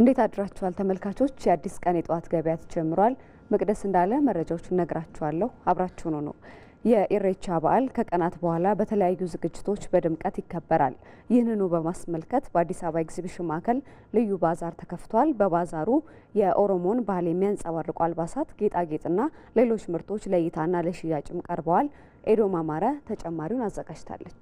እንዴት አድራችኋል ተመልካቾች? የአዲስ ቀን የጠዋት ገበያ ተጀምሯል። መቅደስ እንዳለ መረጃዎቹን ነግራችኋለሁ። አብራችሁኑ ነው። የኢሬቻ በዓል ከቀናት በኋላ በተለያዩ ዝግጅቶች በድምቀት ይከበራል። ይህንኑ በማስመልከት በአዲስ አበባ ኤግዚቢሽን ማዕከል ልዩ ባዛር ተከፍቷል። በባዛሩ የኦሮሞን ባህል የሚያንጸባርቁ አልባሳት፣ ጌጣጌጥና ሌሎች ምርቶች ለእይታና ለሽያጭም ቀርበዋል። ኤዶም አማረ ተጨማሪውን አዘጋጅታለች።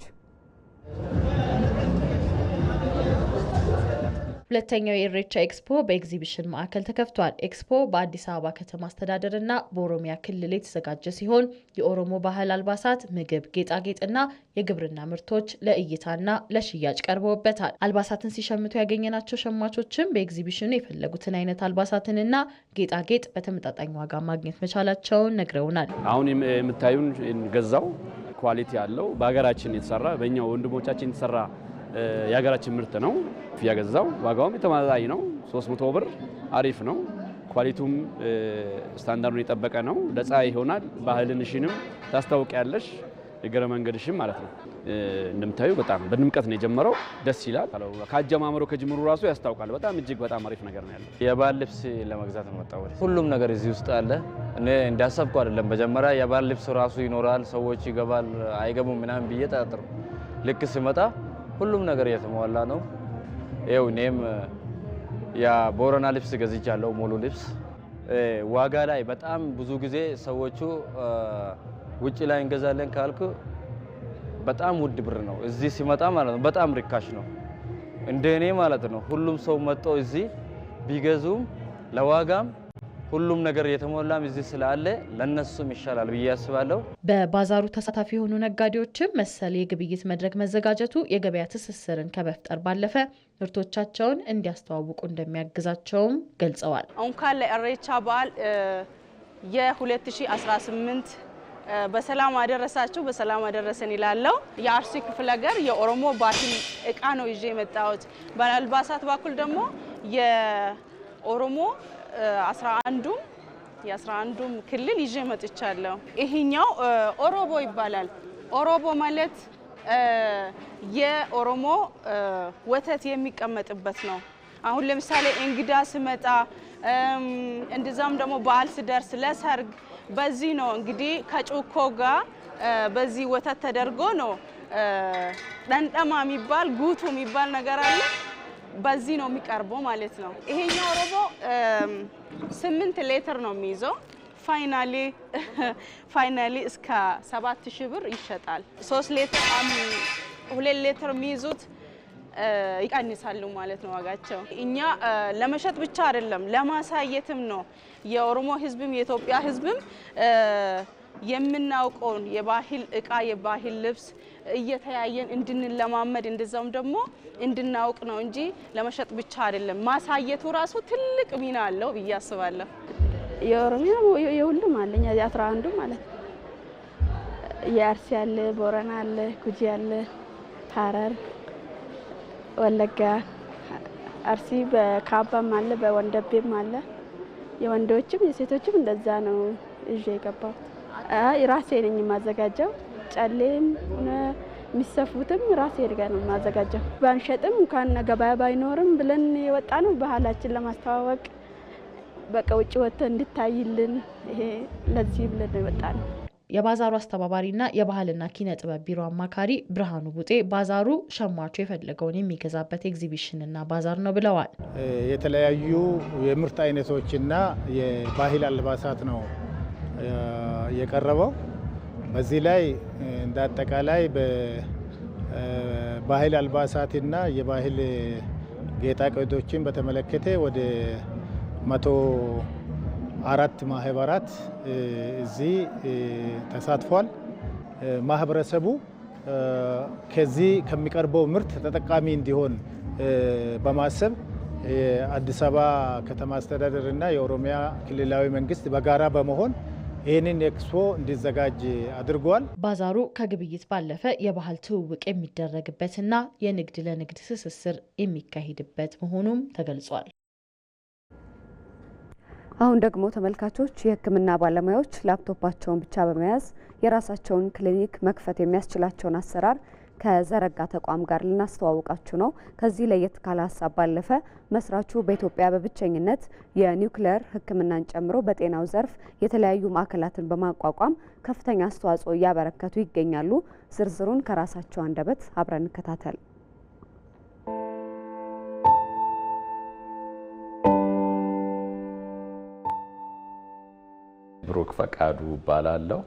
ሁለተኛው የኢሬቻ ኤክስፖ በኤግዚቢሽን ማዕከል ተከፍቷል። ኤክስፖ በአዲስ አበባ ከተማ አስተዳደርና በኦሮሚያ ክልል የተዘጋጀ ሲሆን የኦሮሞ ባህል አልባሳት፣ ምግብ፣ ጌጣጌጥና የግብርና ምርቶች ለእይታና ለሽያጭ ቀርበውበታል። አልባሳትን ሲሸምቱ ያገኘናቸው ሸማቾችም በኤግዚቢሽኑ የፈለጉትን አይነት አልባሳትንና ጌጣጌጥ በተመጣጣኝ ዋጋ ማግኘት መቻላቸውን ነግረውናል። አሁን የምታዩን ገዛው ኳሊቲ ያለው በሀገራችን የተሰራ በእኛ ወንድሞቻችን የተሰራ የሀገራችን ምርት ነው። ያገዛው ዋጋውም የተመጣጣኝ ነው። 300 ብር አሪፍ ነው። ኳሊቲውም ስታንዳርዱን የጠበቀ ነው። ለፀሐይ ይሆናል። ባህልንሽንም ታስታውቂያለሽ እግረ መንገድሽም ማለት ነው። እንደምታዩ በጣም በድምቀት ነው የጀመረው። ደስ ይላል። ከአጀማመሮ ከጅምሩ ራሱ ያስታውቃል። በጣም እጅግ በጣም አሪፍ ነገር ነው ያለው። የባህል ልብስ ለመግዛት ነው መጣሁ። ሁሉም ነገር እዚህ ውስጥ አለ። እኔ እንዳሰብኩ አይደለም። መጀመሪያ የባህል ልብስ ራሱ ይኖራል፣ ሰዎች ይገባል አይገቡም ምናምን ብዬ ጠጥር ልክ ስመጣ ሁሉም ነገር የተሟላ ነው። ይኸው እኔም የቦረና ልብስ ገዝቻለሁ። ሙሉ ልብስ ዋጋ ላይ በጣም ብዙ ጊዜ ሰዎቹ ውጭ ላይ እንገዛለን ካልኩ በጣም ውድ ብር ነው። እዚህ ሲመጣ ማለት ነው በጣም ርካሽ ነው። እንደ እኔ ማለት ነው ሁሉም ሰው መጥቶ እዚህ ቢገዙም ለዋጋም ሁሉም ነገር የተሞላም እዚህ ስላለ ለነሱም ይሻላል ብዬ አስባለሁ። በባዛሩ ተሳታፊ የሆኑ ነጋዴዎችም መሰል የግብይት መድረክ መዘጋጀቱ የገበያ ትስስርን ከመፍጠር ባለፈ ምርቶቻቸውን እንዲያስተዋውቁ እንደሚያግዛቸውም ገልጸዋል። እንኳን ለኢሬቻ በዓል የ2018 በሰላም አደረሳችሁ በሰላም አደረሰን ይላለው። የአርሲ ክፍለ ሀገር የኦሮሞ ባህል እቃ ነው ይዤ የመጣሁት። በአልባሳት በኩል ደግሞ የኦሮሞ አስራ አንዱም የአስራ አንዱም ክልል ይዤ መጥቻለሁ። ይሄኛው ኦሮቦ ይባላል። ኦሮቦ ማለት የኦሮሞ ወተት የሚቀመጥበት ነው። አሁን ለምሳሌ እንግዳ ስመጣ እንደዛም ደግሞ በዓል ስደርስ ለሰርግ፣ በዚህ ነው እንግዲህ ከጩኮ ጋር በዚህ ወተት ተደርጎ ነው። ጠንጠማ የሚባል ጉቱ የሚባል ነገር አለ። በዚህ ነው የሚቀርበው ማለት ነው። ይሄኛው ሮቦ ስምንት ሌትር ነው የሚይዘው። ፋይናሊ ፋይናሌ እስከ ሰባት ሺህ ብር ይሸጣል። ሶስት ሌትር ሁለት ሌትር የሚይዙት ይቀንሳሉ ማለት ነው ዋጋቸው። እኛ ለመሸጥ ብቻ አይደለም ለማሳየትም ነው የኦሮሞ ሕዝብም የኢትዮጵያ ህዝብም የምናውቀውን የባህል እቃ የባህል ልብስ እየተያየን እንድንለማመድ እንደዛውም ደግሞ እንድናውቅ ነው እንጂ ለመሸጥ ብቻ አይደለም። ማሳየቱ ራሱ ትልቅ ሚና አለው ብዬ አስባለሁ። የኦሮሚያ የሁሉም አለኛ አስራ አንዱ ማለት ነው። የአርሲ አለ፣ ቦረና አለ፣ ጉጂ አለ፣ ሀረር፣ ወለጋ፣ አርሲ በካባም አለ፣ በወንደቤም አለ። የወንዶችም የሴቶችም እንደዛ ነው ይዤ የገባሁት። ራሴ ነኝ የማዘጋጀው። ጨሌም የሚሰፉትም ራሴ ድጋ ነው የማዘጋጀው። ባንሸጥም እንኳን ገበያ ባይኖርም ብለን የወጣ ነው ባህላችን ለማስተዋወቅ በቃ ውጭ ወጥተን እንድታይልን ይሄ ለዚህ ብለን ነው የወጣ ነው። የባዛሩ አስተባባሪና የባህልና ኪነ ጥበብ ቢሮ አማካሪ ብርሃኑ ቡጤ ባዛሩ ሸማቹ የፈለገውን የሚገዛበት ኤግዚቢሽንና ባዛር ነው ብለዋል። የተለያዩ የምርት አይነቶችና የባህል አልባሳት ነው የቀረበው። በዚህ ላይ እንደ አጠቃላይ በባህል አልባሳትና የባህል ጌጣጌጦችን በተመለከተ ወደ መቶ አራት ማህበራት እዚህ ተሳትፏል። ማህበረሰቡ ከዚህ ከሚቀርበው ምርት ተጠቃሚ እንዲሆን በማሰብ የአዲስ አበባ ከተማ አስተዳደር እና የኦሮሚያ ክልላዊ መንግስት በጋራ በመሆን ይህንን ኤክስፖ እንዲዘጋጅ አድርጓል። ባዛሩ ከግብይት ባለፈ የባህል ትውውቅ የሚደረግበትና የንግድ ለንግድ ትስስር የሚካሄድበት መሆኑም ተገልጿል። አሁን ደግሞ ተመልካቾች የሕክምና ባለሙያዎች ላፕቶፓቸውን ብቻ በመያዝ የራሳቸውን ክሊኒክ መክፈት የሚያስችላቸውን አሰራር ከዘረጋ ተቋም ጋር ልናስተዋውቃችሁ ነው። ከዚህ ለየት ካለ ሀሳብ ባለፈ መስራቹ በኢትዮጵያ በብቸኝነት የኒውክሌር ሕክምናን ጨምሮ በጤናው ዘርፍ የተለያዩ ማዕከላትን በማቋቋም ከፍተኛ አስተዋጽኦ እያበረከቱ ይገኛሉ። ዝርዝሩን ከራሳቸው አንደበት አብረን እንከታተል። ብሩክ ፈቃዱ እባላለሁ።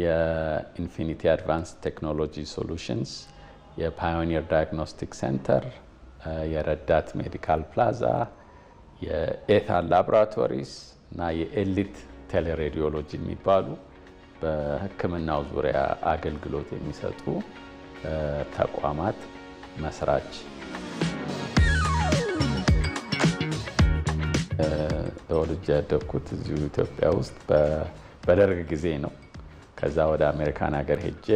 የኢንፊኒቲ አድቫንስ ቴክኖሎጂ ሶሉሽንስ፣ የፓዮኒር ዳያግኖስቲክ ሴንተር፣ የረዳት ሜዲካል ፕላዛ፣ የኤታን ላቦራቶሪስ እና የኤሊት ቴሌሬዲዮሎጂ የሚባሉ በሕክምናው ዙሪያ አገልግሎት የሚሰጡ ተቋማት መስራች ተወልጄ ያደግኩት እዚሁ ኢትዮጵያ ውስጥ በደርግ ጊዜ ነው። ከዛ ወደ አሜሪካን ሀገር ሄጄ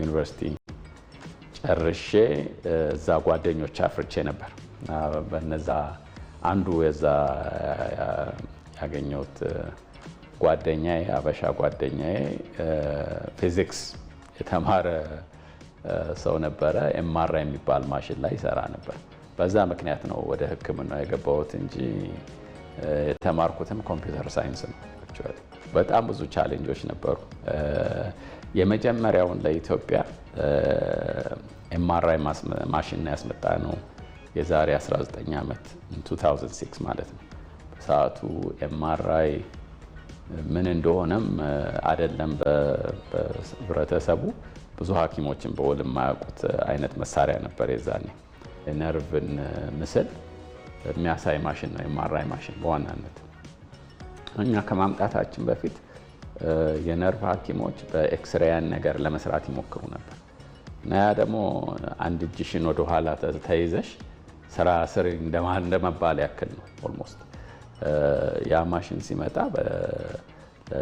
ዩኒቨርሲቲ ጨርሼ እዛ ጓደኞች አፍርቼ ነበር። በነዛ አንዱ የዛ ያገኘሁት ጓደኛዬ አበሻ ጓደኛዬ ፊዚክስ የተማረ ሰው ነበረ። ኤምአራ የሚባል ማሽን ላይ ይሰራ ነበር። በዛ ምክንያት ነው ወደ ሕክምና የገባሁት እንጂ የተማርኩትም ኮምፒውተር ሳይንስ ነው። በጣም ብዙ ቻሌንጆች ነበሩ። የመጀመሪያውን ለኢትዮጵያ ኤምአርአይ ማሽን ያስመጣ ነው የዛሬ 19 ዓመት 2006 ማለት ነው። በሰዓቱ ኤምአርአይ ምን እንደሆነም አይደለም በህብረተሰቡ ብዙ ሐኪሞችን በውል የማያውቁት አይነት መሳሪያ ነበር። የዛኔ የነርቭን ምስል የሚያሳይ ማሽን ነው ኤምአርአይ ማሽን በዋናነት እኛ ከማምጣታችን በፊት የነርቭ ሐኪሞች በኤክስሬያን ነገር ለመስራት ይሞክሩ ነበር እና ያ ደግሞ አንድ እጅሽን ወደኋላ ተይዘሽ ስራ ስር እንደመባል ያክል ነው ኦልሞስት። ያ ማሽን ሲመጣ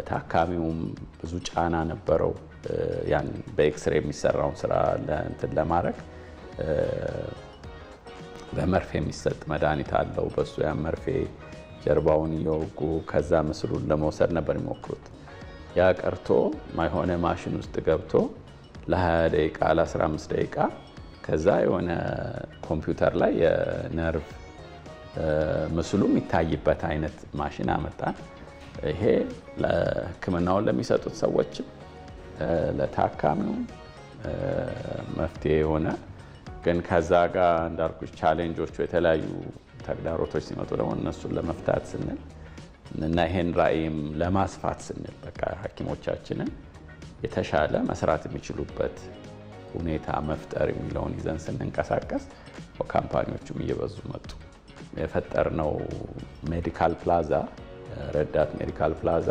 ታካሚውም ብዙ ጫና ነበረው። ያን በኤክስሬ የሚሰራውን ስራ እንትን ለማድረግ በመርፌ የሚሰጥ መድኃኒት አለው። በሱ ያን መርፌ ጀርባውን እየወጉ ከዛ ምስሉን ለመውሰድ ነበር የሚሞክሩት ያ ቀርቶ የሆነ ማሽን ውስጥ ገብቶ ለ20 ደቂቃ ለ15 ደቂቃ ከዛ የሆነ ኮምፒውተር ላይ የነርቭ ምስሉ ይታይበት አይነት ማሽን አመጣን። ይሄ ለሕክምናውን ለሚሰጡት ሰዎችም ለታካሚው መፍትሄ የሆነ ግን ከዛ ጋር እንዳልኩ ቻሌንጆቹ የተለያዩ ተግዳሮቶች ሲመጡ ደግሞ እነሱን ለመፍታት ስንል እና ይሄን ራዕይም ለማስፋት ስንል በቃ ሐኪሞቻችንን የተሻለ መስራት የሚችሉበት ሁኔታ መፍጠር የሚለውን ይዘን ስንንቀሳቀስ ካምፓኒዎቹም እየበዙ መጡ። የፈጠርነው ሜዲካል ፕላዛ ረዳት ሜዲካል ፕላዛ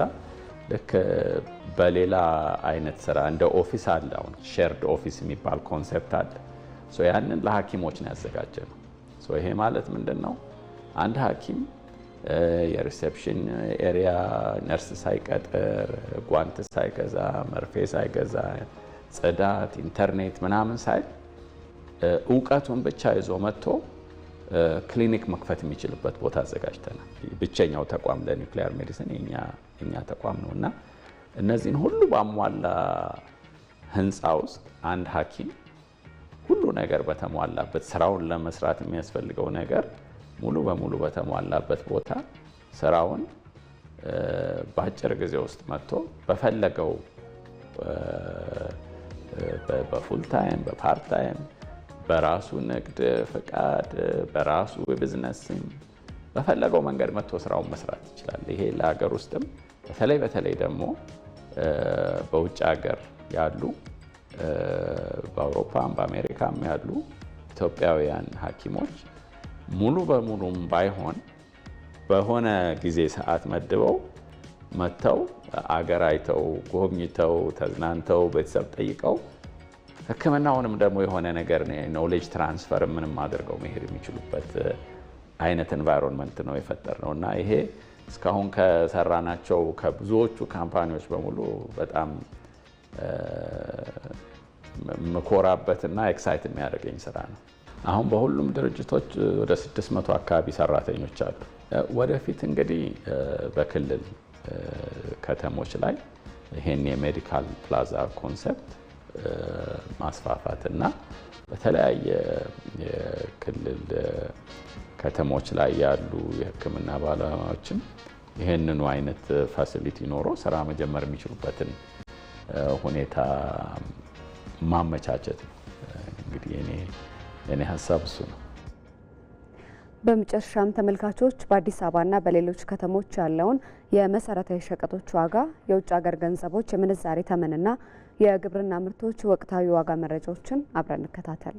ልክ በሌላ አይነት ስራ እንደ ኦፊስ አለ። አሁን ሼርድ ኦፊስ የሚባል ኮንሰፕት አለ። ያንን ለሐኪሞች ነው ያዘጋጀ ነው። ይሄ ማለት ምንድን ነው? አንድ ሐኪም የሪሴፕሽን ኤሪያ ነርስ ሳይቀጥር፣ ጓንት ሳይገዛ፣ መርፌ ሳይገዛ፣ ጽዳት፣ ኢንተርኔት ምናምን ሳይ እውቀቱን ብቻ ይዞ መጥቶ ክሊኒክ መክፈት የሚችልበት ቦታ አዘጋጅተናል። ብቸኛው ተቋም ለኒውክሊየር ሜዲሲን የእኛ ተቋም ነው እና እነዚህን ሁሉ ባሟላ ህንፃ ውስጥ አንድ ሐኪም ነገር በተሟላበት ስራውን ለመስራት የሚያስፈልገው ነገር ሙሉ በሙሉ በተሟላበት ቦታ ስራውን በአጭር ጊዜ ውስጥ መጥቶ በፈለገው በፉል ታይም ታይም በራሱ ንግድ ፍቃድ በራሱ ቢዝነስ በፈለገው መንገድ መጥቶ ስራውን መስራት ይችላል። ይሄ ለሀገር ውስጥም በተለይ በተለይ ደግሞ በውጭ ሀገር ያሉ በአውሮፓም በአሜሪካም ያሉ ኢትዮጵያውያን ሐኪሞች ሙሉ በሙሉም ባይሆን በሆነ ጊዜ ሰዓት መድበው መጥተው አገር አይተው ጎብኝተው ተዝናንተው ቤተሰብ ጠይቀው ሕክምናውንም ደግሞ የሆነ ነገር ኖሌጅ ትራንስፈር ምንም አድርገው መሄድ የሚችሉበት አይነት ኤንቫይሮንመንት ነው የፈጠር ነው እና ይሄ እስካሁን ከሰራናቸው ከብዙዎቹ ካምፓኒዎች በሙሉ በጣም ምኮራበትና ኤክሳይት የሚያደርገኝ ስራ ነው። አሁን በሁሉም ድርጅቶች ወደ 600 አካባቢ ሰራተኞች አሉ። ወደፊት እንግዲህ በክልል ከተሞች ላይ ይሄን የሜዲካል ፕላዛ ኮንሰፕት ማስፋፋትና በተለያየ የክልል ከተሞች ላይ ያሉ የሕክምና ባለሙያዎችም ይህንኑ አይነት ፋሲሊቲ ኖሮ ስራ መጀመር የሚችሉበትን ሁኔታ ማመቻቸት እንግዲህ እኔ እኔ ሀሳብ እሱ ነው። በመጨረሻም ተመልካቾች በአዲስ አበባና በሌሎች ከተሞች ያለውን የመሰረታዊ ሸቀጦች ዋጋ፣ የውጭ ሀገር ገንዘቦች የምንዛሬ ተመንና የግብርና ምርቶች ወቅታዊ ዋጋ መረጃዎችን አብረን እንከታተል።